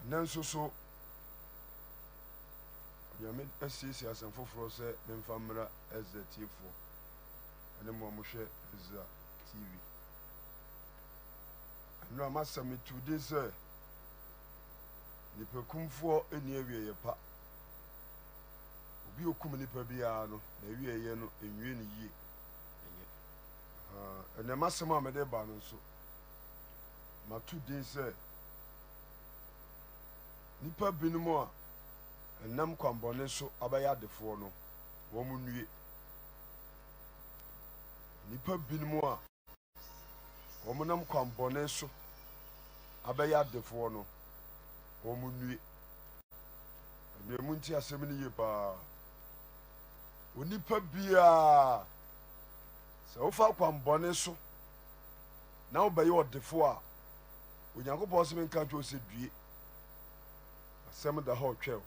ɛnɛ nso so nyame asiesie asɛm foforɔ sɛ memfa mmra ɛza tiefoɔ ɛne mmoa mohwɛ ɛza tv ɛno a masɛ sɛ nipakumfoɔ ɛni awieyɛ pa obi okum nipa biara no na awieyɛ no ɛnwie no yie ɛnɛ masɛm a mede ba no nso matu den sɛ nipa binom a ɛnam kwanbɔne so abɛyɛ adefoɔ no wɔn mu nnue nipa binom a wɔn nam kwanbɔne so abɛyɛ adefoɔ no wɔn mu nnue mmienu nti asɛm no yie paa onipa biara sɛ wofa kwanbɔne so na wobɛyɛ ɔdefoɔ a onyankopɔn sɛ menka nkyɛ ɔsɛ due asɛm da hɔ twɛw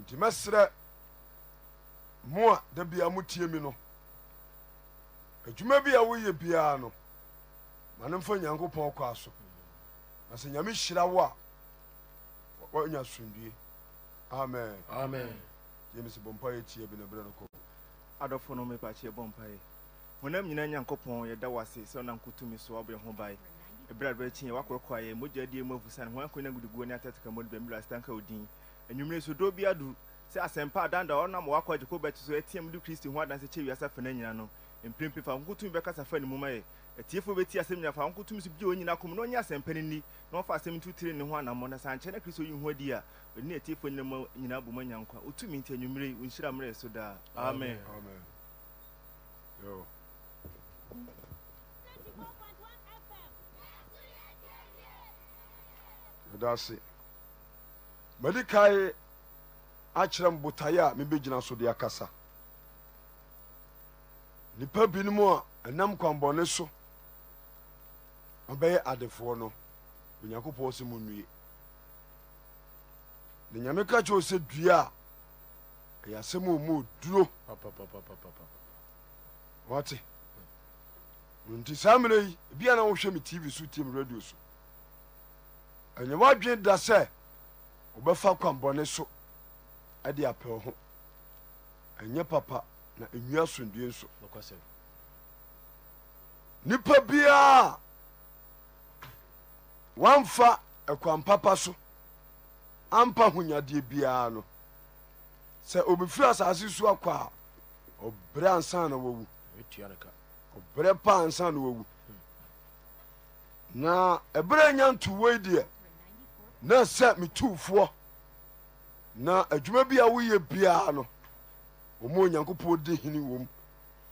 nti mɛserɛ mo a da bia motie mi no adwuma bi a woyɛ biara no ma ne mfa nyankopɔn kɔa so na sɛ nyame hyira wo a wanya asomdue amen james bɔmpa yɛ tie bi na berɛ no kɔ adɔfo no mepakyeɛ bɔmpaeɛ honam nyina nyankopɔn yɛda wo ase sɛ ɔnam kotumi so wabɛho bae ɛberɛ aberɛ kyi yɛ wakɔrɔkɔ ayɛ mogya die mu afusa ne ho akɔnya guduguo ne atateka mu de bɛmmerɛ asetanka odin anwummere so dɔ bi adu sɛ asɛmpa adanda ɔnam wakɔ agye kɔ so ɛteɛ mu de kristi ho adanse kyɛ wiasa fa nyina no mprempren fa nkotumi bɛkasa fa ne mu ma yɛ atiefoɔ bɛti asɛm nyina fa nkotumi so bia ɔnyina kɔm na ɔnyɛ asɛmpa no ni na ɔfa asɛm nto tire ne ho anammɔ na sɛ ankyɛ na kristo yi ho adi a ɔne atiefoɔ nyina ma nyina abɔ ma nyankwa ɔtumi nti anwummere yi ɔnhyira mmerɛ so daa amen, amen. amen. daase madi kae akyerɛ m botaeɛ a mebɛgyina so de akasa nipa binom a ɛnam kwanbɔne so ɔbɛyɛ adefoɔ no onyankopɔn sɛ mu nnue na nyame ka kyerɛ sɛ dua a ɛyɛ asɛm a mu duro wɔte nti saa mmerɛ yi bia na wohwɛ me tv so tie radio so ɛnyɛ wadwe da sɛ wɔbɛfa kwanbɔne so ɛde apɛ ho ɛnyɛ papa na ɛnwia asomdue nso nipa biara wamfa ɛkwan papa so ampa honyadeɛ biara no sɛ obɛfiri asase so akɔ a ɔbrɛ ansa na wawu ɔbrɛ pa ansa na wawu na ɛberɛ nya ntowei deɛ na sɛ metufoɔ na adwuma bi a woyɛ biara no wɔ ma onyankopɔn di hene wom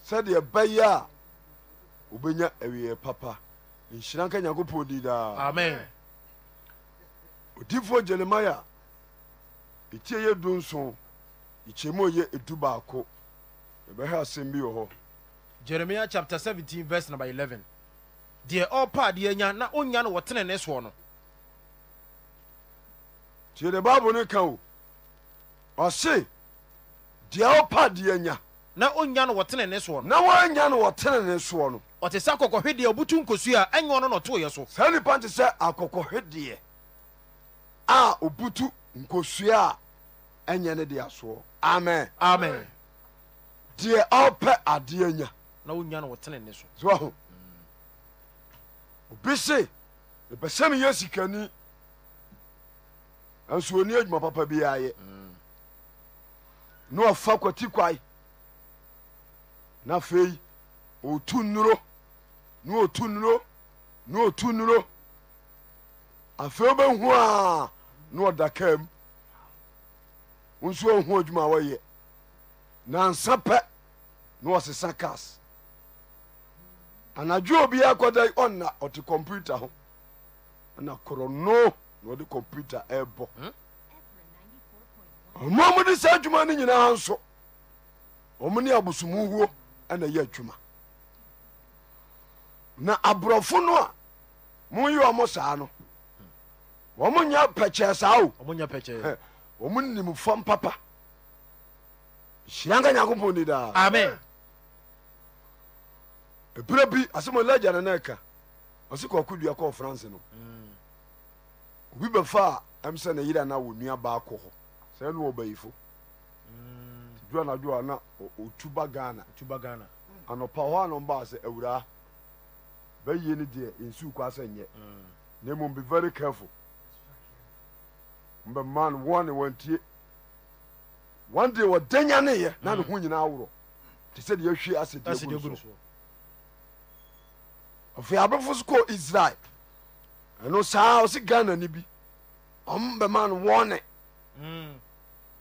sɛdeɛ ɛbɛyɛ a wobɛnya awieɛ papa nhyira nka nyankopɔn di daa amen odifoɔ jeremia ɛtie yɛ du nson ɛkyɛmu a ɛyɛ ɛdu baako yɛbɛhwɛ asɛm bi wɔ hɔ jeremia chapter 17 verse number 11 deɛ ɔrepa adeɛ nya na ɔnya no wɔ tenene soɔ no tiede bible no ka o ɔse deɛ wopa deɛ nya na nya no wɔtene ne soɔ no na woanya no wɔtene ne soɔ no ɔte sɛ akɔkɔhwe deɛ obutu nkosu a ɛnyɛ ɔno na ɔtoyɛ so saa nnipa nte sɛ akɔkɔhwe deɛ a obutu nkosua a ɛnyɛ ne deɛ soɔ amen amen deɛ ɔpɛ adeɛ nya na nya no wɔtene ne so so ho obi se ɛpɛ sɛ meyɛ sikani nso oni adwuma papa bi ayɛ na ɔfa kwati kwae na afei ɔtu nnuro na ɔtu nnuro na ɔtu nnuro afei wobɛhu a na ɔda kaa mu wo nso ɔhu adwuma a wɔyɛ nansa pɛ na ɔsesa cas anadwo obiaa kɔda ɔna ɔte kɔmputa ho na korɔ noo na ɔde kɔmputa ɛbɔ ɔma mode saa adwuma no nyinaa nso ɔmo ne abosomuwuo ɛna yɛ adwuma na aborɔfo no a moyi ɔmo saa no ɔmo nya pɛkyɛɛ saa o ɔmo nim fam papa hyira nka nyankopɔn ni daa amen ebire bi asɛm ɔlagya no na ɛka ɔse kɔko dua kɔɔ france no mm obi bɛfa a ɛm sɛ ne yere anaa wɔnua baakɔ hɔ sɛ ɛne wɔbayifo dua anadwo a na ɔtuba mm. ghana anɔpa hɔ a na ɔmbaa sɛ awuraa bɛyie no deɛ ɛnsuu kɔ asɛ nyɛ mm. na mmom be very careful mbɛma no wɔne wɔntie one day wɔdanya neyɛ na ne mm. ho nyinaa worɔ te sɛ deɛ ahwie asɛ deɛ gu so afei abɛfo so kɔɔ israel ɛno saa ɔsi ghana ni bi ɔm bɛma no wɔne hmm.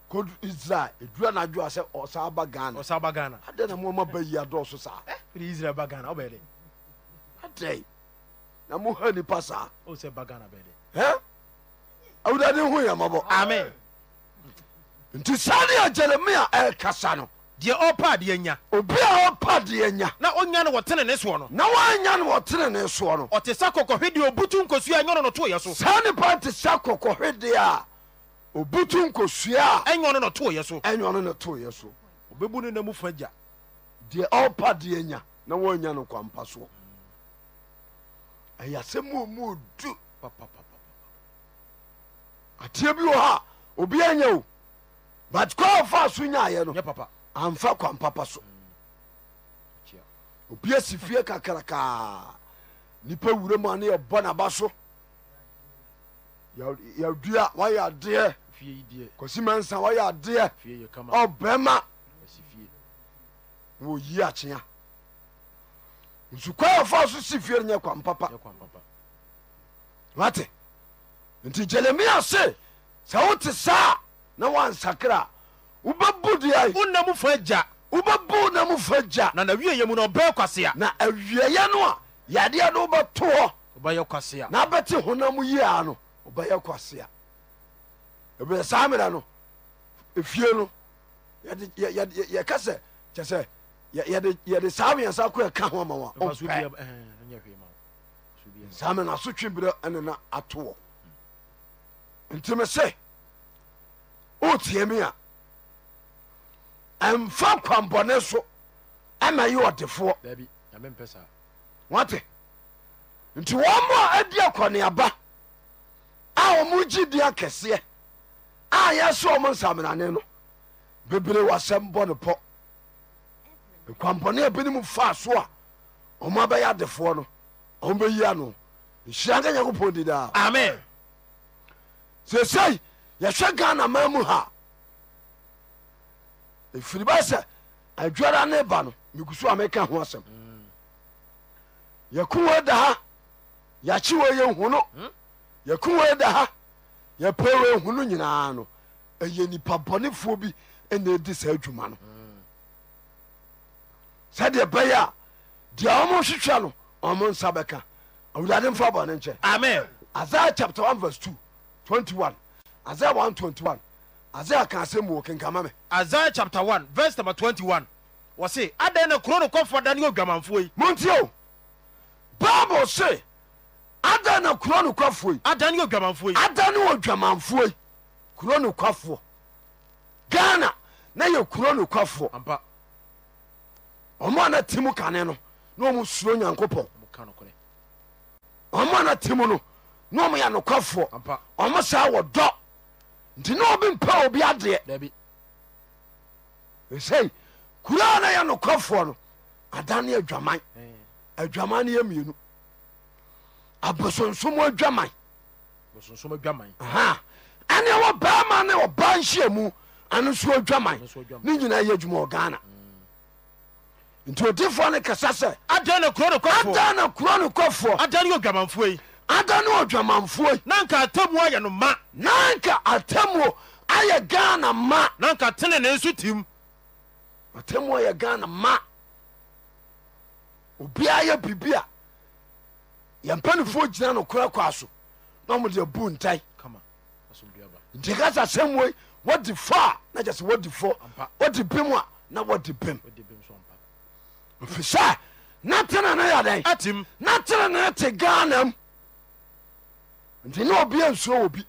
kod israel edura n'adwo a sɛ ɔsaa ba ghana ɔsaa ba ghana adɛn na mo ɔma ba yi adɔɔso saa eh, ɛdi israel ba ghana ɔbɛn dɛ adɛn na mo ha nipa saa ɔsɛ ba ghana bɛn dɛ ɛ awudade ho yɛ mɔbɔ amen nti saa de a jeremia ɛkasa no deɛ ɔpa adeɛ nya obi a ɔpa deɛ nya na ɔnya no wɔtene ne soɔ no na woanya no wɔtene ne soɔ no ɔte sa kɔkɔhwedeɛ obutu nkosua a no toyɛ so saa nipa te sa kɔkɔhwedeɛ a obutu nkosua a ɛnyɛ no toyɛ so ɛnyɛ no toyɛ so ɔbɛbu no namu fa gya deɛ ɔpa deɛ nya na woanya no kwampa soɔ ɛyɛ sɛ mumu ateɛ bi wɔ hɔ a obi anya o but kɔɔfa so nyaayɛ no amfa kwan papa so obi asi fie kakrakaa nipa wura mu ane yɛbɔ naba so yɛdua wayɛ adeɛ kɔsi mansa wayɛ adeɛ ɔbɛma wɔyi akyea nsukwa yɛfa so si fie no nyɛ kwan papa wate nti jeremia se sɛ wote saa na wansakra a wobɛbu deɛ wo nam fa agya wobɛbu nam fa agya na nawieɛ mu no ɔbɛyɛ kwasea na awieyɛ no a yadeɛ no wobɛto hɔ wobɛyɛ kwasea na abɛte honam yia no wobɛyɛ kwasea ɛbɛ saa mmerɛ no efie no yɛka sɛ kyɛ sɛ yɛde saa miɛnsa kɔ ɛka ho ama wa saa mmerɛ no asotwe berɛ ɛnena atoɔ nti me sɛ wotie me a ɛmfa kwanbɔne so ɛma yi ɔdefoɔ daabi nyame mpɛ saa wate nti wɔn mo a adi akɔneaba a wɔn gyi di akɛseɛ a yɛsɛ wɔn nsaminane no bebree wɔasɛm bɔ ne pɔ kwanbɔne a binom fa so a wɔn abɛyɛ adefoɔ no wɔn bɛyi ano nhyira nka nyankopɔn di daa amen sesei yɛhwɛ ghana man mu ha ɛfiri bɛ sɛ adwara ne ba no mekuso a meka ho asɛm yɛkuwe da ha yɛakye wei yɛ huno hmm? yɛkuwe da ha yɛpɛ wei huno nyinaa no ɛyɛ nipa bɔnefoɔ bi ɛna ɛdi saa adwuma no hmm. sɛdeɛ bɛyɛ a deɛ ɔmo hwehwɛ no ɔmo nsa bɛka awurade mfa bɔne nkyɛ amen isaiah chapter one verse two, 2 one. isaiah one isaiah ka asɛm mu wɔkenkama me isaiah chapter one, verse number 21 wɔ se adɛn na kuro no kɔfoɔ da ne yɛ odwamanfoɔ yi montio bible se ada na kuro no kwafoɔ yi ada ne yɛ odwamanfoɔ yi ada ne wɔ dwamanfoɔ yi kuro no kwafoɔ ghana na yɛ kuro no kwafoɔ ɔmo a na te mu kane no na ɔmo suro nyankopɔn ɔmo a na te mu no na ɔmo yɛ nokwafoɔ ɔmo saa wɔ dɔ nti ne obi mpɛ obi adeɛ ɛsei kuraa na yɛ nokɔfoɔ no adane adwaman eh. adwaman no yɛ mmienu abosonsom adwaman ɛne ɛwɔ bɛrima ne ɔba nhyiamu ano nso adwaman ne nyinaa yɛ adwuma ɔghana mm. nti odifoɔ no kasa sɛ adɛn na kuro no kɔfoɔ ada ne ɔdwamanfoɔ nanka nka atamu ayɛ no ma na nka atamuo ayɛ ghana ma na nka tenene nso tim atamuo ayɛ ghana ma obiaa yɛ biribi a yɛmpanifoɔ gyina no kora kwa so na ɔmode abu ntae nti kasa sɛm wei wɔdi fɔ a na kyɛ sɛ wɔdi fɔ wɔdi bim a na wɔdi bim ɛfiri sɛ na tena ne yɛ dɛn na tena ne te ghana mu nti ne obia nsuo wɔ bi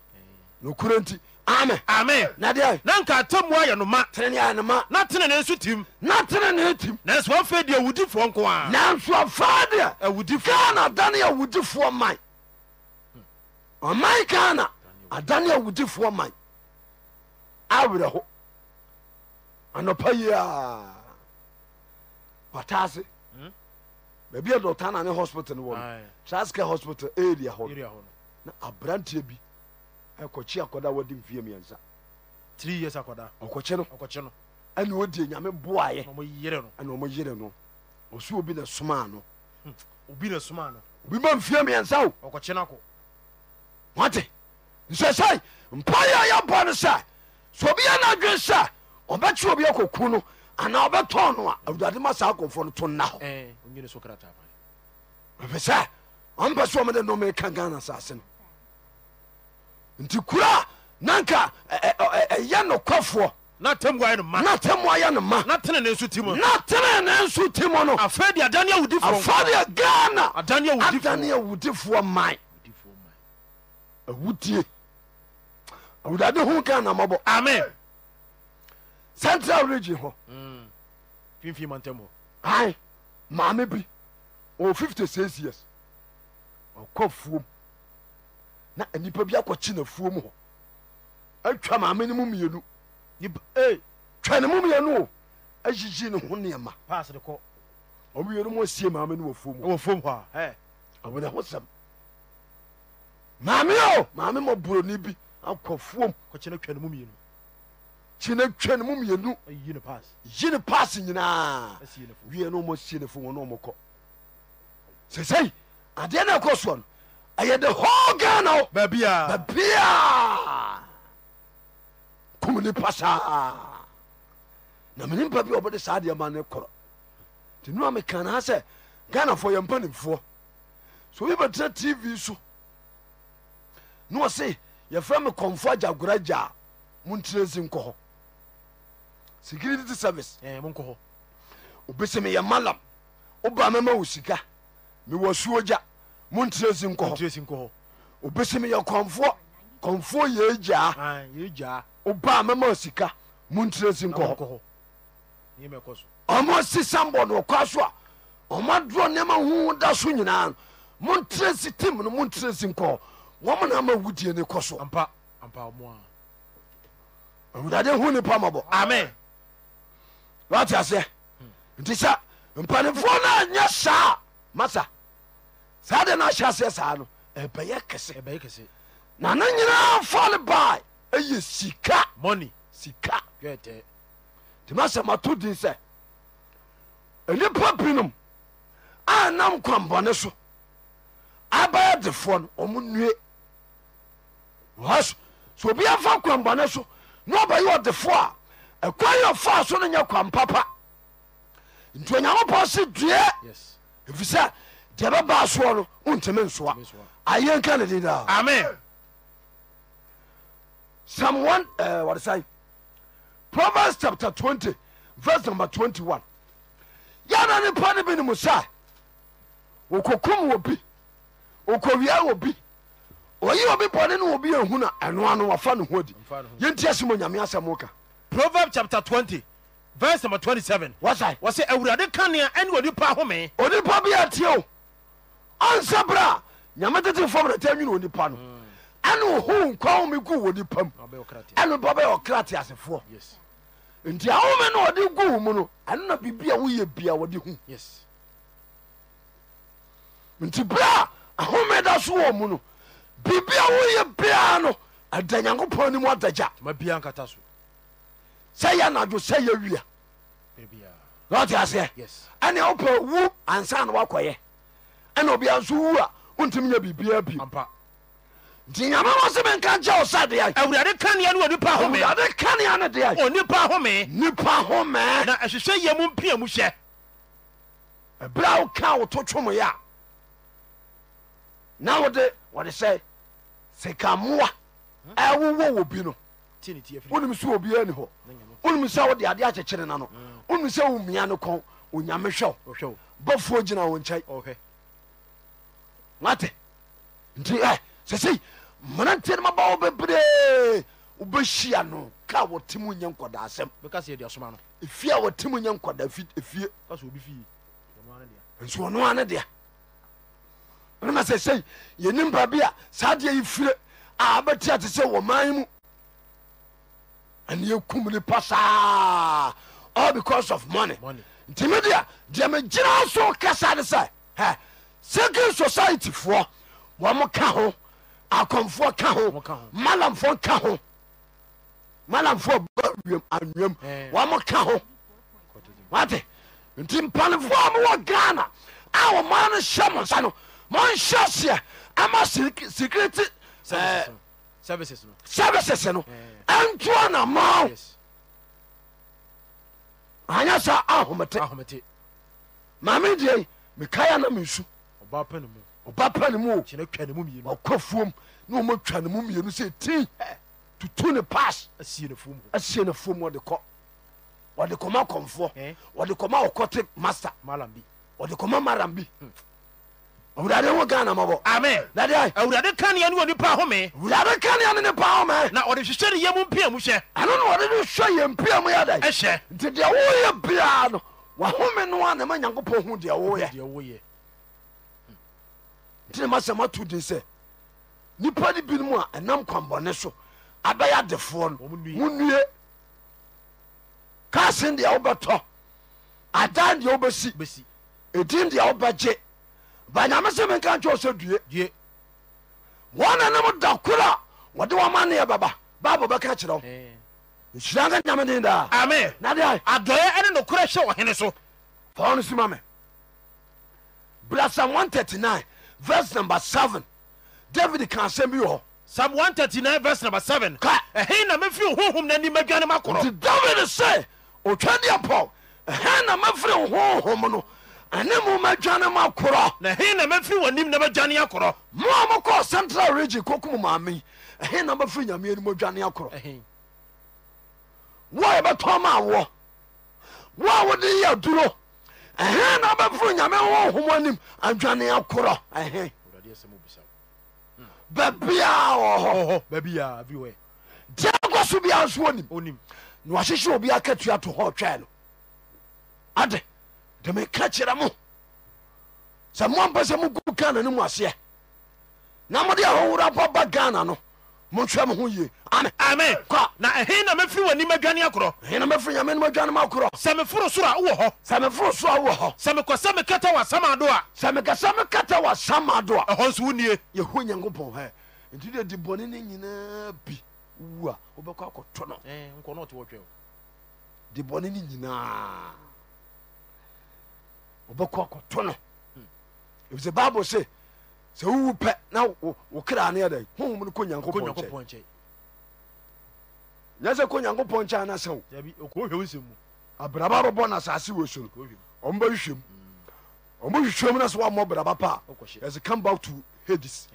nokuro nti amen amen na deɛ na nka atamua yɛ no ma tenene yɛ no ma na tenene nso tim na tenene tim nanso wɔmfɛ deɛ awudifoɔ nko a nanso afaa deɛ awudifoɔ ghana adane awudifoɔ man ɔman ghana adane awudifoɔ man awerɛ ho anɔpa yi a ɔtaase hmm? baabi a dɔtana ne hospital no wɔ no traska hospital area hɔ no na aberanteɛ bi ɛkɔkye akɔda wɔde mfie mmiɛnsa three years akɔda ɔkɔkye no ɔkɔkye no ɛna ɔdi nyame boaeɛ ɔmo yere no ɛna ɔmo yere no ɔso obi na somaa no hmm. obi na somaa no obi ma mfie mmiɛnsa o ɔkɔkye no akɔ wate nsɛ sɛ mpa yɛ a yɛbɔ no sɛ sɛ obi yɛ no adwen sɛ ɔbɛkye obi akɔku no anaa ɔbɛtɔn no a awurade ma saa akɔmfoɔ no to nna hɔ ɛfɛ sɛ ɔmpɛ sɛ ɔmde nome ka ghana asase no nti kura nanka ɛyɛ nokwafoɔ na tɛmuayɛ no ma na tɛmuayɛ no ma na tene ne nso ti mu na tene ne nso ti mu no afɛn de adani awudifoɔ afɛn de ghana adani awudifoɔ adani awudifoɔ man awudie awudade ho ghana mɔbɔ amen central region hɔ mm. finfin man tɛmu hɔ ayi maame bi o fifty six years ɔkɔ fuom na nipa bi akɔkye nafuo mu hɔ atwa maame no mu mmienu eh, twa ne mu mmienu o ayiyi ne ho nneɛma ɔmo mmienu mu asie maame no wɔ fuo mu ɔmo na ho sɛm maame o maame ma buroni bi akɔ fuo mu kye na twa ne mu mmienu yi ne paase nyinaa wie no ɔmo asie ne fuo mu na ɔmo kɔ sɛsɛi adeɛ na ɛkɔ soɔ no ɛyɛ the whole ghana babia kum nipa saa na mene mpa bi a saa deɛ ma ne korɔ nti nua meka naa sɛ ghanafoɔ yɛ mpa nimfoɔ so obi bɛtena tv so na ɔse yɛfrɛ me kɔmfoɔ agyagora gyaa montena nsi nkɔ hɔ security service eh, obɛsɛ meyɛ malam woba mɛma wo sika mewɔ suo gya montirɛ si nkɔ hɔ obɛsi meyɛ kɔnfoɔ kɔnfoɔ yɛ gyaa wobaa mɛma sika montirɛ si nkɔ hɔ ɔmo sisam bɔ no ɔkɔ so a ɔmo adorɔ nneɛma huhu da so nyinaa no montirɛ si tim no montirɛ si nkɔ hɔ wɔmo na wudie ne kɔ so awurade hu nipa mɔbɔ amen wate aseɛ hmm. nti sɛ mpanimfoɔ no anyɛ saa masa saa de no ahyɛ aseɛ saa no ɛbɛyɛ kɛse na ne nyinaa fale ba ɛyɛ sika mɔni sika eh. nti masɛ mato din sɛ nnipa binom anam kwanbɔne so abɛyɛ defoɔ no ɔmo nnue ɔhaso sɛ obi afa kwanbɔne so na ɔbɛyɛ ɔdefoɔ a ɛkwan yɛ ɔfaa so no nyɛ kwan papa nti onyankopɔn se due ɛfisɛ bɛbasontmsaka sesa proves chapta 20vn21 yananepɔne bi no mu sa wokokum wɔbi okowia wobi ɔyi obi pɔne no wɔbi ahuna ɛnoano afa no ho adi yentiasɛ ma nyame asɛmwo ka0 ansa bra nyame tete fam na ta nwene wɔ nipa no ɛne oho nkwa home gu wɔ nipa mu ɛne bɛbɛyɛ ɔkra te asefoɔ nti ahome no wɔde gu wo mu no ɛno na biribia woyɛ bia wɔde hu nti berɛ a ahome da so wɔ mu no biribia woyɛ biaa no ɛda nyankopɔn anim adagya sɛ yɛ anadwo sɛ yɛ wia ɔte aseɛ ɛne wopɛ wu ansa na woakɔyɛ ɛna obia nso wu a wontimi nya biribia bi nti nyame wɔ se menka nkyɛ wo sa deɛ awurade kanea no wɔ nipa home kanea no deɛ onipa home nipa home na ɛhwehwɛ yɛ mu mpia mu hyɛ ɛberɛ a woka woto twomyɛ a na wode wɔde sɛ sikamoa ɛwowɔ wɔ bi no wonim sɛ obiaa ni hɔ wonim sɛ wode adeɛ akyekyere na no mm. wonim sɛ wo no kɔn onyame hwɛw bɔfoɔ gyina wo nkyɛe wate nti sɛsei eh, mmeranteɛ no maba wo bebree wobɛhyia no ka wɔte mu nyɛ nkɔda asɛm ɛfie a wɔte mu nyɛ nkɔda ɛfie nso ɔno a ne deɛ ɛnema sɛsei yɛnim pa bi a saa deɛ yifire a abɛtia te sɛ wɔ man mu ɛne yɛkum nipa saa all because of money nti me deɛ deɛ megyina so kasa de sɛ second society foɔ wɔmo ka ho akɔmfoɔ ka ho malamfoɔ ka ho malamfoɔ ba wiem anwam wɔmo ka ho wate nti mpanimfoɔ a mowɔ ghana a wɔma no hyɛ mo nsa no monhyɛ seɛ ama security services no ɛntoa na ma Anya sa ahomete maame deɛ mekaeɛ na mensu ɔba pa ne mu ɔba pa ne mu o kyerɛ twa ne mu mmienu ɔkɔ fuom na ɔma twa ne mu mmienu sɛ ti tutu ne pass asie ne fuom asie ne fuom ɔde kɔ ɔde kɔma kɔmfoɔ ɔde kɔma ɔkɔte master malam bi ɔde kɔma maram bi hmm. awurade ho ghana mɔbɔ amen dade awurade kanea ne wɔ nipa home awurade kanea ne nipa home na ɔde hwehwɛ ne yɛmu mpia mu hyɛ ɛno na ɔde ne hwɛ yɛ mpia mu yɛda ɛhyɛ nti deɛ woyɛ biaa no wahome no a na ma nyankopɔn hu deɛ woyɛ ntine masɛ mato din sɛ nipa ne binom a ɛnam kwanbɔne so abɛyɛ adefoɔ no monnue kaasen deɛ wobɛtɔ adan deɛ wobɛsi ɛdin deɛ wobɛgye ba nyame sɛ menka nkyɛ sɛ due wɔne nom da koro a wɔde wɔma neɛ baba bible bɛka kyerɛ wo nhyira nka nyame den daa ame nade adɔeɛ ne nokorɛ hyɛ ɔhene so fa wo no suma me brasam 139 verse number seven david kan asɛm bi wɔ hɔ psalm 139 verse number seven. Ka. ɛhe na mɛfiri honhom no anim adwane nti makorɔ david sɛ otwadeɛ pɔ ɛhɛ na mɛfiri honhom no ɛne mo madwane ma korɔ na ɛhe na mɛfiri w'anim na mɛdwane akorɔ mo a mokɔɔ central region kokum maame yi ɛhe na mɛfiri nyame anim adwane akorɔ Ɛhe. wo a yɛbɛtɔ ma awoɔ wo a wode yɛ aduro ɛhe na bɛforo nyame honhom anim adwaneɛ korɔ ɛhe baabiaa wɔ hɔ deɛ kɔ so biaa nso onim na wahyehyɛ obi aka tua to hɔ twɛɛ no ade de meka kyerɛ mo sɛ moampɛ sɛ mogu ghana no mu aseɛ na mode ahohoro mpɔ ba ghana no monhwɛ mo ho ye amen na ɛhe na mɛfiri w'anim adwane akorɔ hena mɛfiri nyame nom adwane ma akorɔ sɛ meforo soro a wowɔ hɔ sɛ meforo soro a wowɔ hɔ sɛ mekɔ sɛ mekata w'asam ado a sɛ mekasɛ mekata w'asam ado a ɛhɔ nso wonie yɛho nyankopɔn hɛ nti de di bɔne eh, no nyinaa bi wu a wobɛkɔ akɔto no nkɔ na ɔte de bɔne no nyinaa wobɛkɔ akɔto no ɛfisɛ hmm. bible se sɛ wowu pɛ na wo kra ne ɛdɛ honhom no kɔ nyankopɔn nkyɛ nyɛ sɛ kɔ nyankopɔn nkyɛ ana sɛ wo abraba bɛbɔ no asase wɔ su no ɔm bɛhwehwɛm ɔm bɛhwehwɛm no sɛ woammɔ braba pa a ɛsɛ come back to hades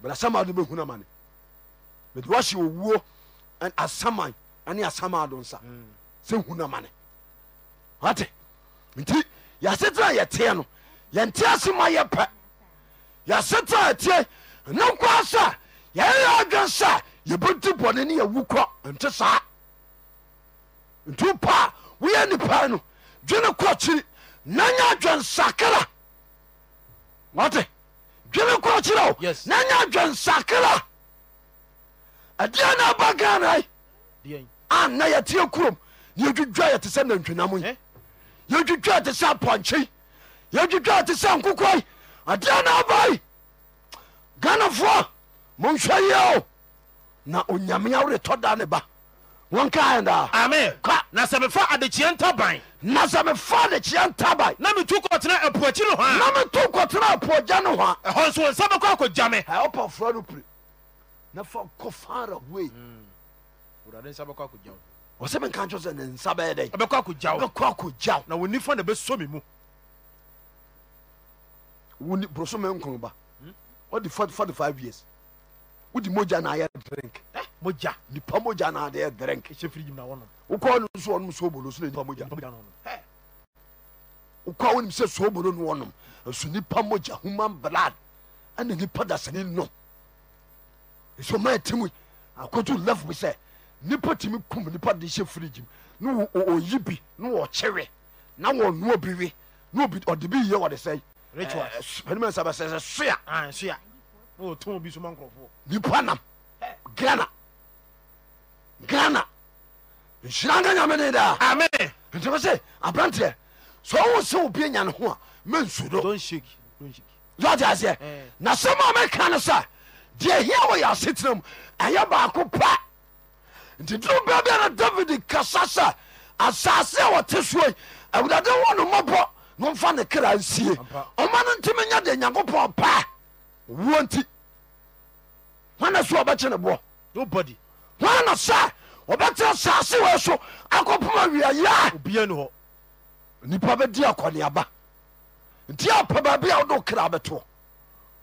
brasama do bɛhunu ama ne mede woahyɛ owuo asaman ne asama do nsa mm. sɛ hunu ama ne ate nti yɛasetena yɛteɛ no yɛnte ase ma yɛ pɛ yasete atie nekwa se yensa yebodi bone neyawu ko ntesaa ntupa weya nipano ine ko kher ne ya nsakera e ine ko khere neya ensakera adeana abagana na ytey kro nyuaytesnannam ywaytespakywaytesnkoko adeɛ na abai ghanafoɔ monhwɛ yɛ o na onyame aworetɔ da ne ba wɔnkaɛdaa ame na sɛ mefa adekyeɛ ntaban na sɛ mefa adekyeɛ ntaban na metu kɔtena apuakyi no hɔ na metu kɔtena apuagya no hɔ a ɛhɔ nso nsa bɛkɔ akɔgya me ɔpafoɔ no pire na fa nkɔ fara wei hmm. ɔsɛ menka nkyɛ sɛ ne nsa bɛyɛ dɛn ɛbɛkɔ akɔgyaw na wɔnifa na bɛsɔ me mu wuni brosome nkɔnba ɔdi forty forty five years wodi mogya na ayɛ drink eh, mogya nipa mogya na ayɛ drink ɛhyɛ firi gyina wɔnom wokɔ no nso wɔnom soobolo so na nipa mogya wokɔ wɔnom sɛ soobolo no wɔnom ɛso nipa mogya human blood ɛna nipa dasani nom ɛso maa ti mu akɔtu left bi sɛ nipa timi kum nipa de hyɛ firi gyim no oyi bi na wɔkyerɛ na wɔnoa bi we na ɔde bi yɛ wɔde sɛe ritualsɛbɛsɛsɛ soa soa na wɔtɔn bi so ma nkurɔfoɔ nipa nam grana grana nhyira nka nyame ne daa amen nti me se aberanteɛ sɛ ɔwo sɛ wo bie nyane ho a mansu do sɔte aseɛ na sɛm a meka no sɛ deɛ hia wɔ yɛ asetena mu ɛyɛ baako pa nti duro bɛbia na david kasa sɛ asase a wɔte soa awurade wo no mmɔbɔ momfa ne kra nsie ɔma no ntimi nya de nyankopɔn paa owuo nti hwana so ɔbɛkye ne boɔ hwana sɛ ɔbɛtera saase wɔ so akɔpoma wiayɛ nipa bɛdi akɔneaba nti apɛ baabi a wodo kra bɛtoɔ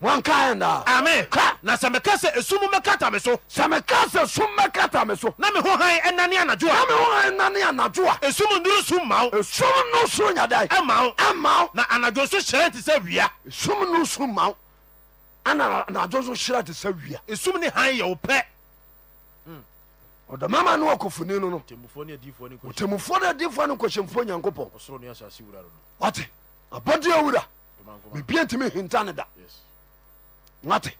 wɔnkaɛndaa ka na sɛ meka sɛ esum mɛkata me so sɛ meka sɛ sum so na me ho han ɛnane anadwo a na me ho han ɛnane anadwo a esum nuru sum ma wo esum no soro nyadae ɛma wo ɛma wo na anadwo so hyerɛn te sɛ wia esum no sum ma wo ana anadwo so hyerɛ te sɛ wia esum ne han yɛ wo pɛ ɔdamama ne wakɔfoni no no otemmufoɔ ne adiifoɔ ne nkɔhyɛmfoɔ nyankopɔn wate abɔdeɛ wura bibia ntimi hinta ne da yes wate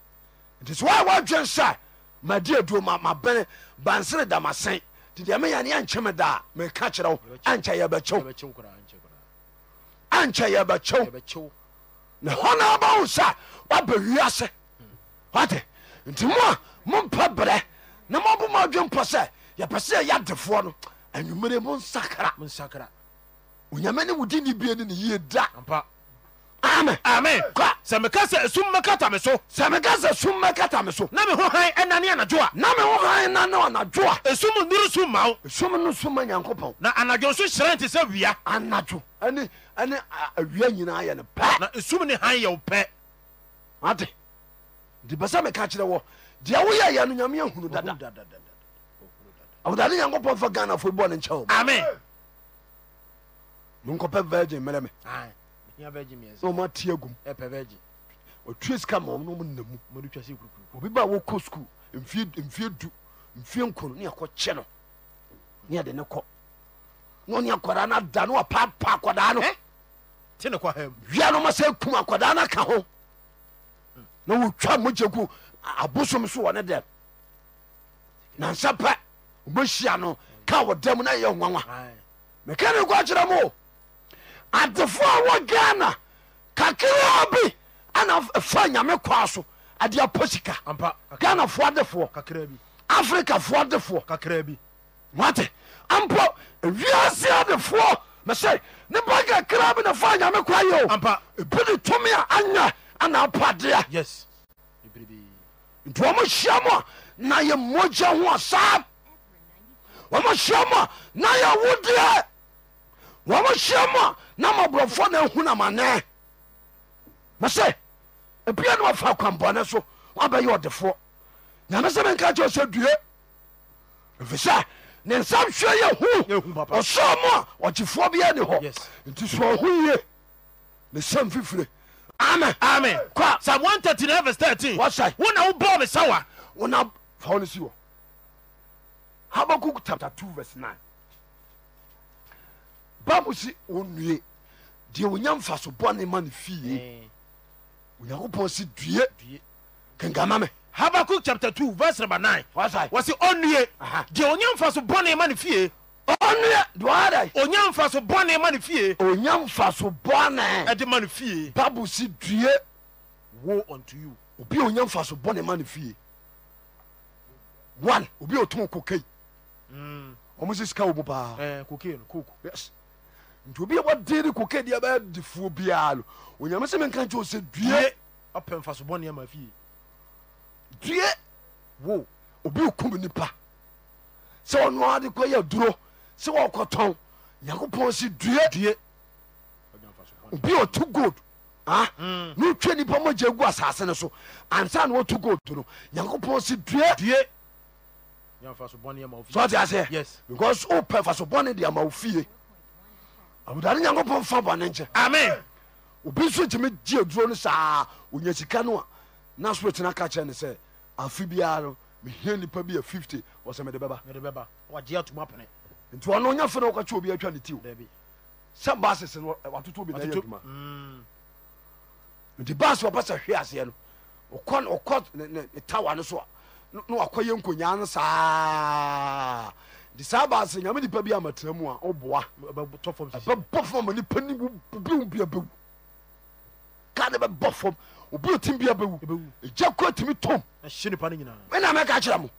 nti sɛ waa waadwen sa madi aduo mabɛne bansere da masen nti deɛ meyɛ ne ɛnkyɛ me daa meka kyerɛ wo ankyɛ yɛbɛkyɛw ankyɛ yɛbɛkyɛw na hɔna abawo sa woaba wiase wate nti mo a mompɛ berɛ na mɔbo ma adwe mpɔ sɛ yɛpɛ sɛ yɛ adefoɔ no anwumere monsakra onyame ne wodini bie ne ne yie da amen amen ka sɛ meka sɛ sum mɛkata me so sɛ meka sɛ sum mɛkata me so na me ho hann ɛnane anadwo a na me ho hann na ne anadwo a ɛsum nuru sum ma wo sum no sum ma nyankopɔn na anadwo nso hyerɛn te sɛ wia anadwo ɛne ɛne awia nyinaa yɛ no pɛ na ɛsum ne hann yɛ wo pɛ ade nti bɛ sɛ meka kyerɛ wɔ deɛ woyɛ yɛ no nyame ahunu dada awurade nyankopɔn fa ghana football ne nkyɛ wo amen menkɔpɛ virgin mmerɛ me ɔma te agum ɔtwe sika ma ɔm na ɔm nnamu obi ba wɔkɔ skul mfie du mfie nko no ne yɛkɔkyɛ no ne yɛde ne kɔ na ɔne akwadaa no ada ne wapaapa akwadaa no wia no ma sɛ kum akwadaa no aka ho na wɔtwa mogya gu abosom so wɔ ne dɛm nansa pɛ ɔbɛhyia no ka wɔ dɛm na ɛyɛ nwanwa meka ne nkɔ kyerɛ mo adefo a wɔ ghana kakraa bi ana fa nyame kwa so ade apɔ sika ghanafoɔ defoɔ afrikafoɔ defoɔ wate ampo wiase adefoɔ mɛsɛ nipa kakra bi na fa nyame kwa yi o ebi de tumi a anya ana apɔ adeɛ nti ɔmo hyia mu a na yɛ mmogya ho asaa ɔmo hyia mu a na yɛ wodeɛ wɔn hyia mu a na maborɔfoɔ na ahu namanɛ mɛsɛ abia ne wafa kwanbɔne so wabɛyɛ ɔdefoɔ nyame sɛ menka kyɛ sɛ due ɛfisɛ ne nsam hwɛ yɛ hu ɔsɔ mo a ɔkyefoɔ biaa ne hɔ nti so ɔho ye ne sam fifire amen amen kwa psalm 139 verse 13 wasai wo na wo bɔ me sawa wo na fa wo ne si wɔ habakuk chapter 2 verse 9 bible si onue deɛ wonya mfa so bɔne ma no fie onyankopɔn si due kenkama me habakuk chapter 2 verse number 9 wɔse ɔnnue deɛ ɔnya mfa so bɔne ma no fie ɔnnue dɔada ɔnya mfa so bɔne ma no fie ɔnya mfa bɔne ɛde e ma no fie bible si due wo unto you obi a ɔnya mfa so bɔne ma no fie one obi a ɔtom kokei mm. ɔmo sɛ sika wɔ mu paa eh, yes nti obi a wɔdere koka deɛ bɛyɛ defuo biara no onyame sɛ menka nkyɛ o sɛ due ɔpɛ mfasebɔne ama fie due wo obi okum nipa sɛ ɔnoa de kɔyɛ duro sɛ wɔkɔtɔn nyankopɔn se due due obi ɔtu gold mm. No otwa nipa mɔgya gu asase no so ansa na wɔtu gold no nyankopɔn se due due sɛ ɔte aseɛ because wopɛ fasobɔne de ama wo fie awurade nyankopɔn fa bɔne nkyɛ amen obi nso tumi gye aduro no saa onya sika no a na so tena ka kyerɛ ne sɛ afe biara no mehia nipa bi a 50 wɔsɛ mede bɛba nti ɔno nya fe no wɔkɔkyɛ obi atwa ne tio sɛ bases no watoto obi nayɛ adwuma mm. nti base wɔpɛ sɛ hwe aseɛ no ɔkɔ tawa no so a na wakɔyɛ nkonyaa no saa di saa baase nyame nipa bi amatera mu a woboa ɛbɛbɔ fam ma nipa ni biwu bia bɛwu ka ne bɛbɔ fam obi otim bia bɛwu ɛgya ko atumi tom ɛna mɛka kyerɛ mo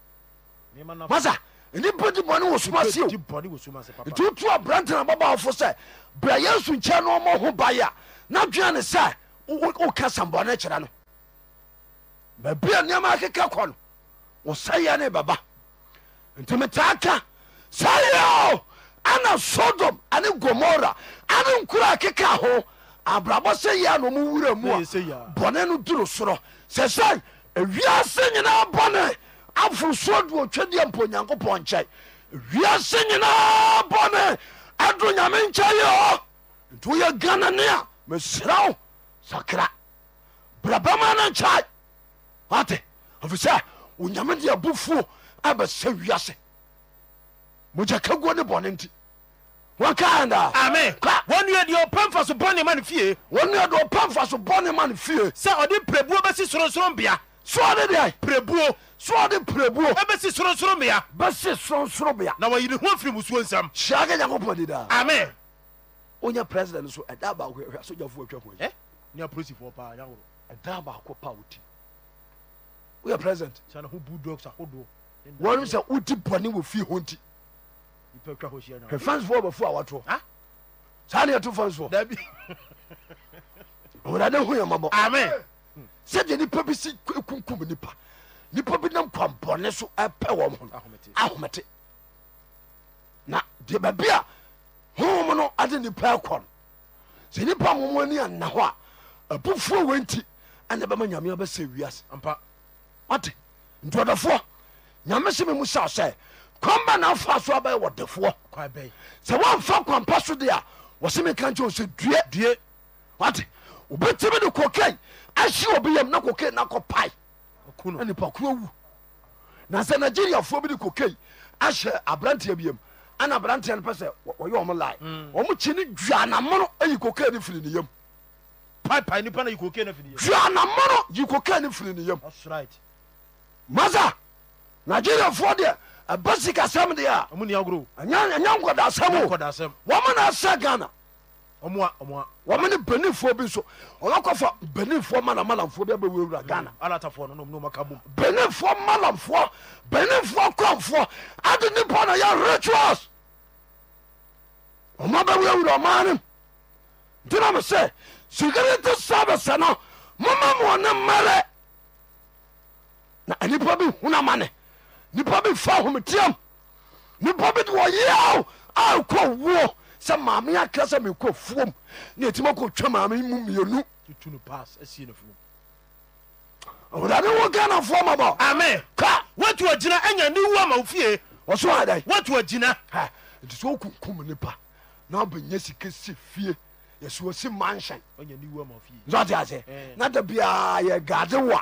masa nipa di bɔne wɔ soma se nti wotu abrantena bɔbaɔfo sɛ bra yɛsu nkyɛ no ɔmɔ ho baeɛ a na dwea ne sɛ woka sambɔne kyerɛ no baabi a nneɛma akeka kɔ no wɔsɛyɛ ne bɛba nti metaa ka seyeo ana sodom ane gomora ane nkuro akeka ho abraboseyenoomuwuremua bone no duro soro sese wiase yena bone aforo suo du thadeampo nyankopon nke ewiase yenaa bone ado yame nkheeo ntoye ganenea meserao sokra brabamne ch te fis oyame deabofo abse wiase mogya ka guo ne bɔne nti wɔkaanda amen wɔnua deɛ ɔpɛ mfa so bɔne ma no fie wɔnua deɛ ɔpɛ mfa so bɔne ma no fie sɛ ɔde prɛbuo bɛsi sorosorombea soɔde deɛ prɛbuo soɔde prɛbuo ɛbɛsi sorosorombea bɛsi sorosorombea na wɔyiri ho afiri musuo nsɛm hyia ka nyankopɔn didaa amen wonya president so ɛda baako hwɛ asogyafoɔ atwa kɔ yi eh? ne apolisifoɔ paa yahoro ɛda baako pa woti president sɛ na ho budogs ahodoɔ wɔnom sɛ woti bɔne wɔ fie ho He fansfoɔ bɛfo a wɔtoɔ saa ne ɛto fansfoɔ owurade ho yɛ mmɔbɔ sɛdeɛ nipa bi si kunkum nipa nipa bi nam kwampɔne so ɛpɛ wɔm ho ahomete na deɛ baabi a honhom no ade nipa ɛkɔ no sɛ nipa momo ani anna hɔ a abufuo wɔ nti ɛna bɛma nyame bɛsɛ wiase ɔte ntuɔdɔfoɔ nyame se me mu sɛ sɛ kwamba na afa so abɛyɛ wɔ defoɔ sɛ woamfa kwampa so de a wɔse meka nkyɛ sɛ due due wate obɛtumi de kokain ahye obi yam na kokain na kɔpae nipa koro awu na sɛ nigeriafoɔ bi de kokain ahyɛ aberanteɛ biam ana aberanteɛ no pɛ sɛ wɔyɛ ɔmo lae ɔmo kyi ne duanamono ayi kokain no firi ne yam duanamono yi kokain no firi ne yam masa nigeriafoɔ deɛ abasikasem deayankoda semo wamane ase ghanaa womene banimfuo bi so oneko fa banimf maamalamf biaba we wur mm, ghana banimfo malamfo banimfuo kom fo ade nipo na ya ricuos oma ba wea wura omanem tina mo se sikire te sa bese no moma moo ne mere na anipo bi huna mane nipa bi fa homteam nipa bi wɔyea akɔ woɔ sɛ maame akra sɛ mekɔ fuom ne ɛtimi kɔ twa maame mu mmienu ɔwurade wo ghanafoɔ mabɔ ame ka woatu agyina anya ni wu ama wo fie ɔso adɛn woatu agyina nti sɛ wokunkum nipa na abɛnya sika si fie yɛsɛ wɔsi manhyɛn nsɛ ɔte aseɛ na da biaa yɛ gade wa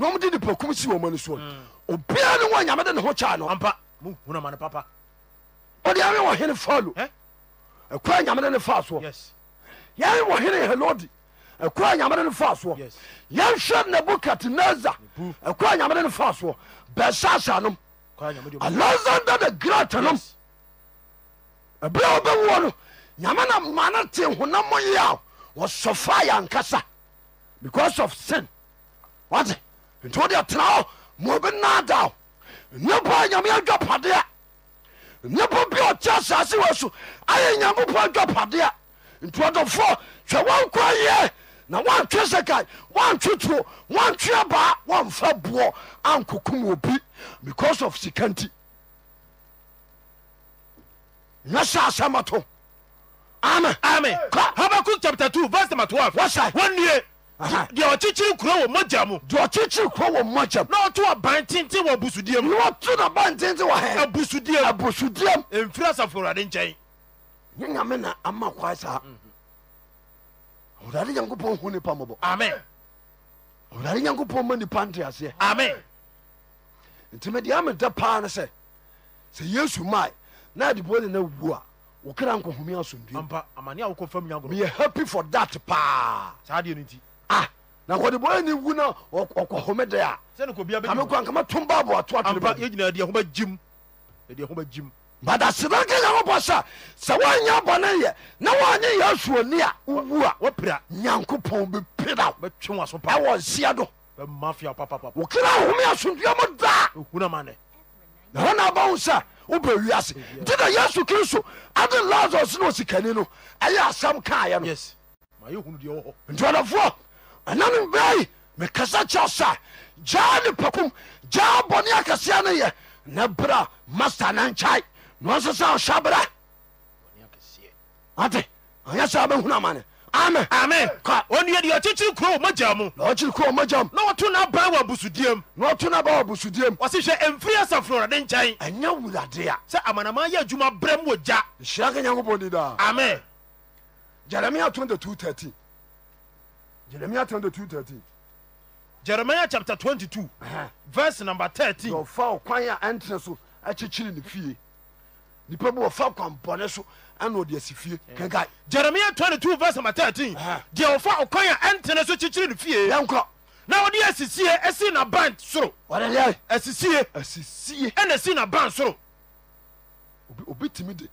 na ɔmde nipakum si wɔmani soɔ no obia ne wɔ nyame de ne ho kyaa no ɔde ame wɔ hene faulo ɛkora nyame de ne faa soɔ yɛn wɔ hene helodi ɛkora nyame de ne faa soɔ yɛnhwɛ nebukadnezar ɛkora nyame de ne faa soɔ bɛsasa nom alexander the great nom ɛberɛ wɔbɛwuɔ no nyame na mane te honam yea wɔsɔfaa yɛ ankasa because of sin wate nti wode tena mobinada nnipa nyame adwa padea nnipa bi ɔkyɛ asase wɔ so ayɛ nyankopɔn adwa padea nti ɔdɔfoɔ hwɛ wɔnkɔ yɛ na woantwe sekai woantwe turo woantwe abaa woamfa boɔ ankokum obi because of sika nti nyɛ sɛ asɛm ato amen amen habakuk chapter 2 verse number 12 wɔsae wɔnnue deɛ ɔkyekyere kuro wɔ mɔgya mu deɛ ɔkyekyere kuro wɔ mɔgya mu na ɔto aban tenten wɔ abusudie mu na ɔto n'aban tenten wɔ hɛ abusudie mu abusudie mu mfiri asafo awurade nkyɛn ne nyame na ama kwae saa mhm. awurade nyankopɔn hu nipa mmɔbɔ amen awurade nyankopɔn ma nipa nte aseɛ amen nti mede ameda paa no sɛ sɛ yesu mae na adebɔ ne na wu a wokra nkɔhome asomdue meyɛ happy for that paa saa deɛ no nti na nkɔde bɔyɛ ne wu na ɔkɔ homede a amekɔ nkama tom baaboa toatoyɛgyinadehoma gyim but aseda nka nyankopɔn sɛ sɛ woanya bɔne yɛ na woanye yɛ asuoni a wowu a wapira nyankopɔn bɛpira ɛwɔ nsia do wokra home asomdua mo daa na hɔ na abawo sɛ wobɛ wiase nti na yesu kristo ade lazarus ne osikani no ɛyɛ asɛm kaayɛ no nti ɔdɔfoɔ ɛnano bɛi mekasa kyɛw sa gyaa ne pakum gyaa bɔne akɛseɛ no yɛ na bra masta na nkyae na ɔnsesa ɔhyɛ bra ate ɔnyɛ sɛ bɛhunu amane amen amen ka onua deɛ ɔkyekyere kuro mogya mu na ɔkyere kuro mogya mu na ɔto no aban wɔ abusudiam na ɔto no aban wɔ abusudiam ɔse hwɛ ɛmfiri asafo ɔde nkyɛn ɛnyɛ wurade a sɛ amanaman yɛ adwuma brɛ m wɔ gya nhyira ka nyankopɔn ni daa amen jeremia 22 13 Jeremiah chapter 22 13. Jeremiah chapter 22 verse number 13. Wɔfa ɔkwan a ɛntene so akyekyere ne fie. Nipa bi wɔfa kwanpɔne so ɛna ɔde asi fie. Kenkan. Jeremiah 22 verse number 13. Deɛ wɔfa ɔkwan a ɛntene so kyekyere ne fie. Yɛnkɔ. na wɔde asisie asi n'aban soro. Wɔde yɛ. Asisie. Asisie. Ɛna asi n'aban soro. Obi obi timi de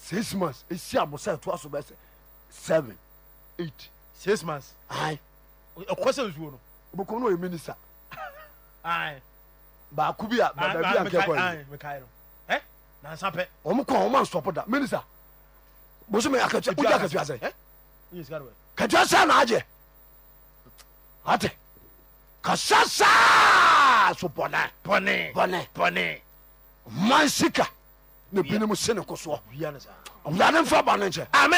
six months esi abosa ɛtoa so bɛsɛ seven eight six months. ayi. ɔkɔ sɛ nsuo no. obìnrin náà yɛ minisa. ayi. baako bi a badabi a nkɛ kɔ yi. ayi mekaayɛ no ɛ eh? nansa pɛ. wɔn kɔn wɔn asɔpɔ da minisa bosomi akatua ojú akatua eh? sɛ. katua sɛ na ajɛ ate kasa saa so bɔnɛ. bɔnɛ bɔnɛ bɔnɛ. mansika ne binom sini kosoɔ ɔmdade mfa bɔne nkyɛ ame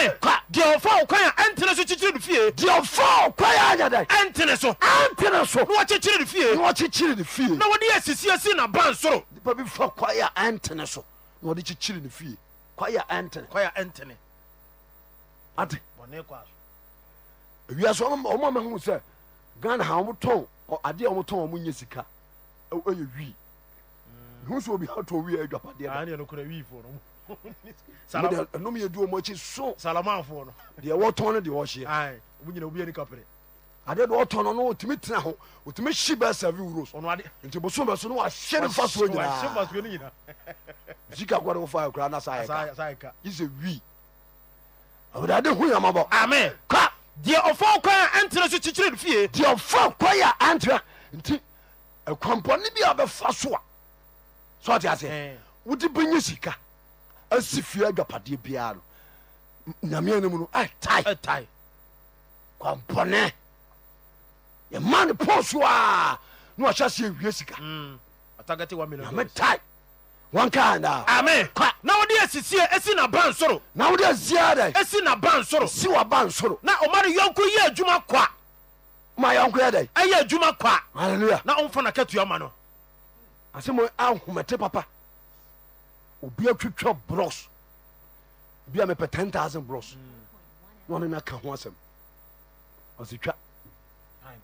deɛ ɔfa okwan a ɛntene so kyekyere no fie deɛ ɔfa okwan a anyɛdɛ ɛntene so ɛntene so na wɔkyekyere no fie na wɔkyekyere no fie na wɔde yɛ sisiasi na ban soro nipa bi fa kwae a ɛntene so na wɔde kyekyere no fie kwae a ɛntene kwae a ɛntene ate bɔne kwa so ewiase ɔmo ɔmo amahu sɛ ghana ha ɔmo tɔn adeɛ ɔmo tɔn ɔmo nye sika ɛyɛ wii mm. ehu so obi atɔ wii adwapadeɛ da Salama, ɛnom yɛ duo mɔkyi so salamanfoɔ no deɛ wɔtɔn no deɛ wɔhyeɛ obi nyina obiani kapere adeɛ deɛ wɔtɔn no no ɔtumi tena ho ɔtumi hye bɛɛ sɛvi wuros nti bosom bɛ so no wahyɛ ne fa soɔ nyinaa sika kɔde wofa akora na saa yɛka yi sɛ wi awurade hu yamabɔ amen ka deɛ ɔfa kwan a ɛntena so kyikyire no fie deɛ ɔfa kwan a ɛntena nti akwampɔne bi a bɛfa so a sɛ ɔte aseɛ wode bɛnya sika asi fie adwapadeɛ biara no nyame anim no ɛtae kwampɔne yɛma no pɔ so a na wahyɛ sɛ awie sikanametae wankadaa na wode asisie ɛsi na ba na wode asia dɛ ɛsi na si waba nsoro na ɔma no yɔnko yɛ adwuma kwa ma yɔnko yɛ dɛ ɛyɛ adwuma kwa hallelujah na ɔmfa na katua ma no asɛ mo ahomete papa obi atwitwa bros bi a mepɛ 10000 bros na ɔne naka ho asɛm ɔsi twa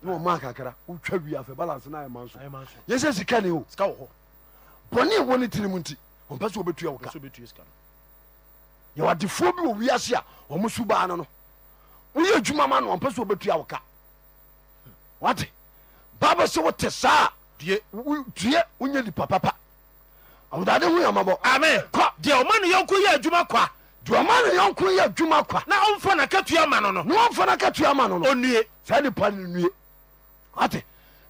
na ɔma kakra wotwa wie afɛ balance no ayɛ ma nso yɛsɛ sika ne o sika wɔ hɔ bɔne ɛwɔ ne tiri mu nti ɔmpɛ sɛ wɔbɛtua wo ka yɛwadefoɔ bi wɔ wiase a ɔmo su baa no no woyɛ adwuma ma no ɔmpɛ sɛ wɔbɛtua wo ka wate bible sɛ wote saa a due wonyɛ nipa papa awurade hu yɛ mɔbɔ. amen kɔ deɛ ɔma ne yɔnko yɛ adwuma kwa. deɛ ɔma ne yɔnko yɛ adwuma kwa. na ɔnfa na katua ma no no. na ɔnfa na katua ma no no. onue. saa nipa no nue ate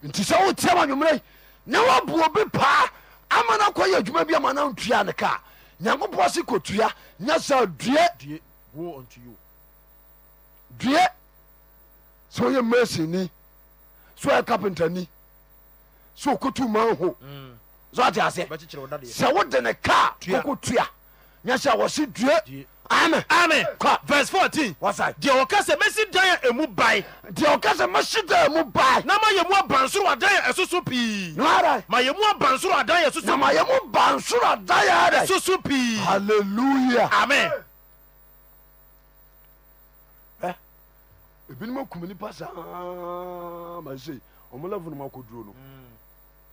nti sɛ wotia wa nwummerɛ yi na wabu obi paa ama no akɔ yɛ adwuma bi amana no ntua ne ka nyankopɔn se kɔtua nya sa due due sɛ woyɛ masini sɛ woyɛ ni. sɛ wokotu ma ho mm sɔɔte ase sɛ wode ne kaa koko tua nyɛsɛ wɔse due amen amen kɔ verse fourteen wasa deɛ ɔka sɛ mɛsi dan yɛ emu ban deɛ ɔka sɛ mɛsi dan yɛ emu ban na ma yɛ mu abansoro adan yɛ ɛsoso pii nwaara ma yɛ mu abansoro adan yɛ ɛsoso ma yɛ mu abansoro adan yɛ ɛsoso pii hallelujah amen ɛ eh? ebinom ekum nipa saa ma se ɔmo lɛfunu ma ko duro no. Mm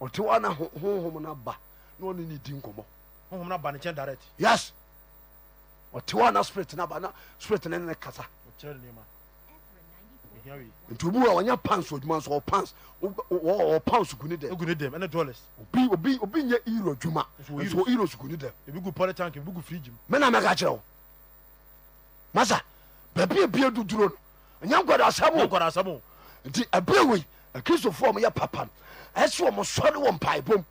ɔte hɔ na honhom no ba na ɔne ne di nkɔmmɔ honhom no ba yes ɔte hɔ na spirit no ba na spirit no ne kasa nti obi wa ɔnyɛ pans adwuma nso ɔpans ɔwɔ pans guni dɛm guni dɛm ɛne dollars obi obi obi nyɛ euro adwuma nso euro guni dɛm ebi gu pɔli tank ebi gu firiji mu mena mɛka kyerɛ wo masa baabi a bia duduro no ɛnyɛ nkɔda asɛm o nkɔda asɛm o nti ɛbɛɛ wei akristofoɔ mo yɛ papa no ɛsɛ wɔn sɔre wɔ mpaebom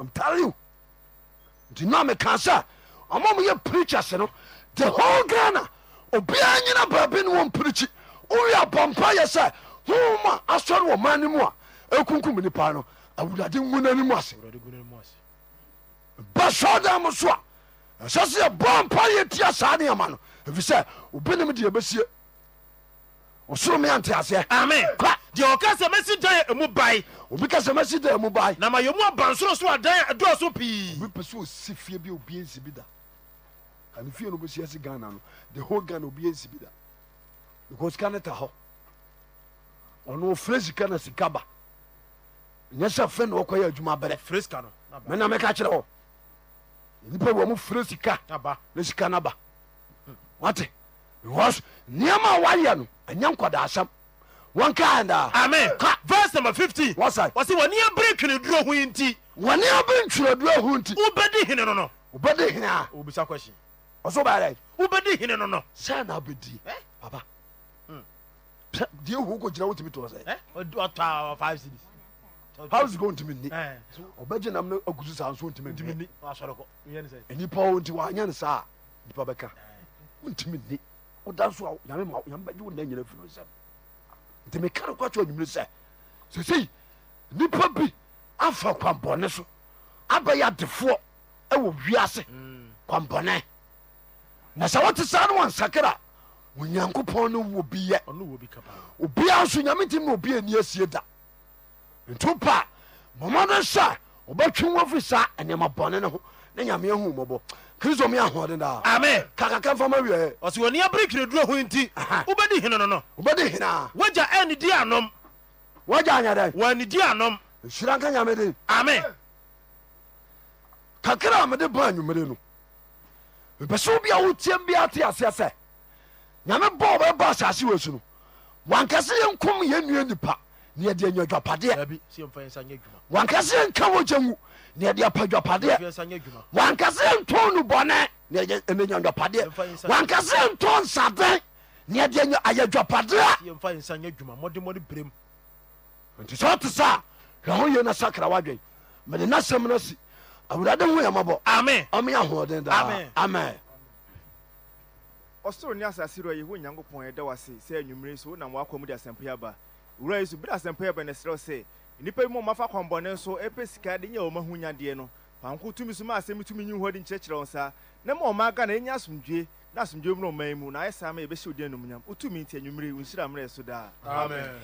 ntariw nti naa mi kan sɛ ɔmo mo yɛ preachers no the whole Ghana obiara nyina baabi ni wɔn pirikyi wɔyɛ abɔmpa yɛ sɛ homa asɔre wɔ man ne mu a ekunkum nipa no awurade ngu n'anim ase basɔɔdan mo so a ɛsɛ sɛ yɛ bɔ mpa yɛ tia saa nneɛma no efisɛ obi nim deɛ ebesie ɔsoro mi ante aseɛ. Amen. deɛ ɔka sɛ mesi dan emu bae obi kasa ma si da mu ba na ma yɛ mu aba nsorosoro adan adɔɔso pii obi pɛ sɛ ɔsi fie bi a obi nsi bi da ani fie no bɛsi asi ghana no the whole ghana obi nsi bi da because sika ne ta hɔ ɔno ofire sika na sika ba nyɛ sɛ fɛn na ɔkɔyɛ adwuma bɛrɛ fire sika no mɛna mɛka kyerɛ wɔ nipa wɔ mo fire sika na sika na ba wate because nneɛma a wayɛ no ɛnyɛ nkɔdaasɛm wọn ká ẹ̀dá. amen ka verse number fifteen. wọ́n sàn. wọ́n sẹ́ wọ́n ní abiri twene duro hun yìí nti. wọ́n ní abiri twene duro hun nti. wọ́n bẹ di hinni nono. wọ́n bẹ di hinni a. o bisa question. ọsọ bá yàrá yìí. wọ́n bẹ di hinni nono. sẹ́yìn náà bẹ di. baba diẹ hu ko jira o tìmi tọ́ sẹ́yìn. ọ tọ́ five series. house go ntumi ni ọbẹ jẹ nam agusu sa nso ntumi ntumi ni e nipa eh. o nti wàá nyẹ nsa nipa bẹ ka ntumi ni ọdá nso a yàrá mi ma jẹ o nà nyẹrẹ fún mi nti mekare kɔ kyɛ ɔnwumere sɛ sesei nipa bi afa kwanbɔne so abɛyɛ adefoɔ ɛwɔ wiase kwanbɔne na sɛ wote saa no wansakra onyankopɔn no wɔ bi yɛ obiaa nso nyame ntim na obi ani asie da nti pa bɔmmɔden sɛ wɔbɛtwe wɔ firi saa ɛnneɛma bɔne no ho na nyame ahu mmɔbɔ kristo mi ahoɔden daa amen kakaka fama wiɛ ɔsi wɔn ni abiri twerɛduro ho nti wobɛdi hinɛ no no wobɛdi hinɛ wagya ɛni di anom wagya anya dɛ wɔni di anom nhyira nka nyame den amen kakra a mede ba anwumere no mepɛ sɛ a wotiam bi ate aseɛ sɛ nyame bɔ ɔbɛba asase wɔ su no wankɛsɛ yɛnkom yɛnnua nipa ne yɛde anya adwapadeɛ wankɛsɛ yɛnka wɔgya ngu ne yɛde apa dwapadeɛ wankase yɛntɔn no bɔne ne ɛmɛnya dwapadeɛ wankase yɛntɔn nsaden ne yɛde ayɛ dwapadeɛ nti sɛ ɔte sa hwɛ ho yie na sakra wadwen mede nasɛm no si awurade ho yɛmɔbɔ ame ɔme ahoɔden daa amen ɔsoro ne asase rɔ yɛhɔ nyankopɔn ɛda wase sɛ anwummere so wonam wakɔ mu de asɛmpa aba wura yi so bere asɛmpa aba ne serɛ sɛ nnipa bi mu ɔmafa kwanbɔne nso ɛpɛ sika de nyɛ wɔn ahonyadeɛ no panko tumi so ma asɛm tumi nyi hɔ nkyerɛkyerɛ wɔn saa na ma ɔma ghana ɛnya asomdwe na asomdwe mu na ɔman mu na ayɛ saa ma yɛbɛhyɛ odi animonyam wotumi nti anwummere wo nhyira mmerɛ so daa amen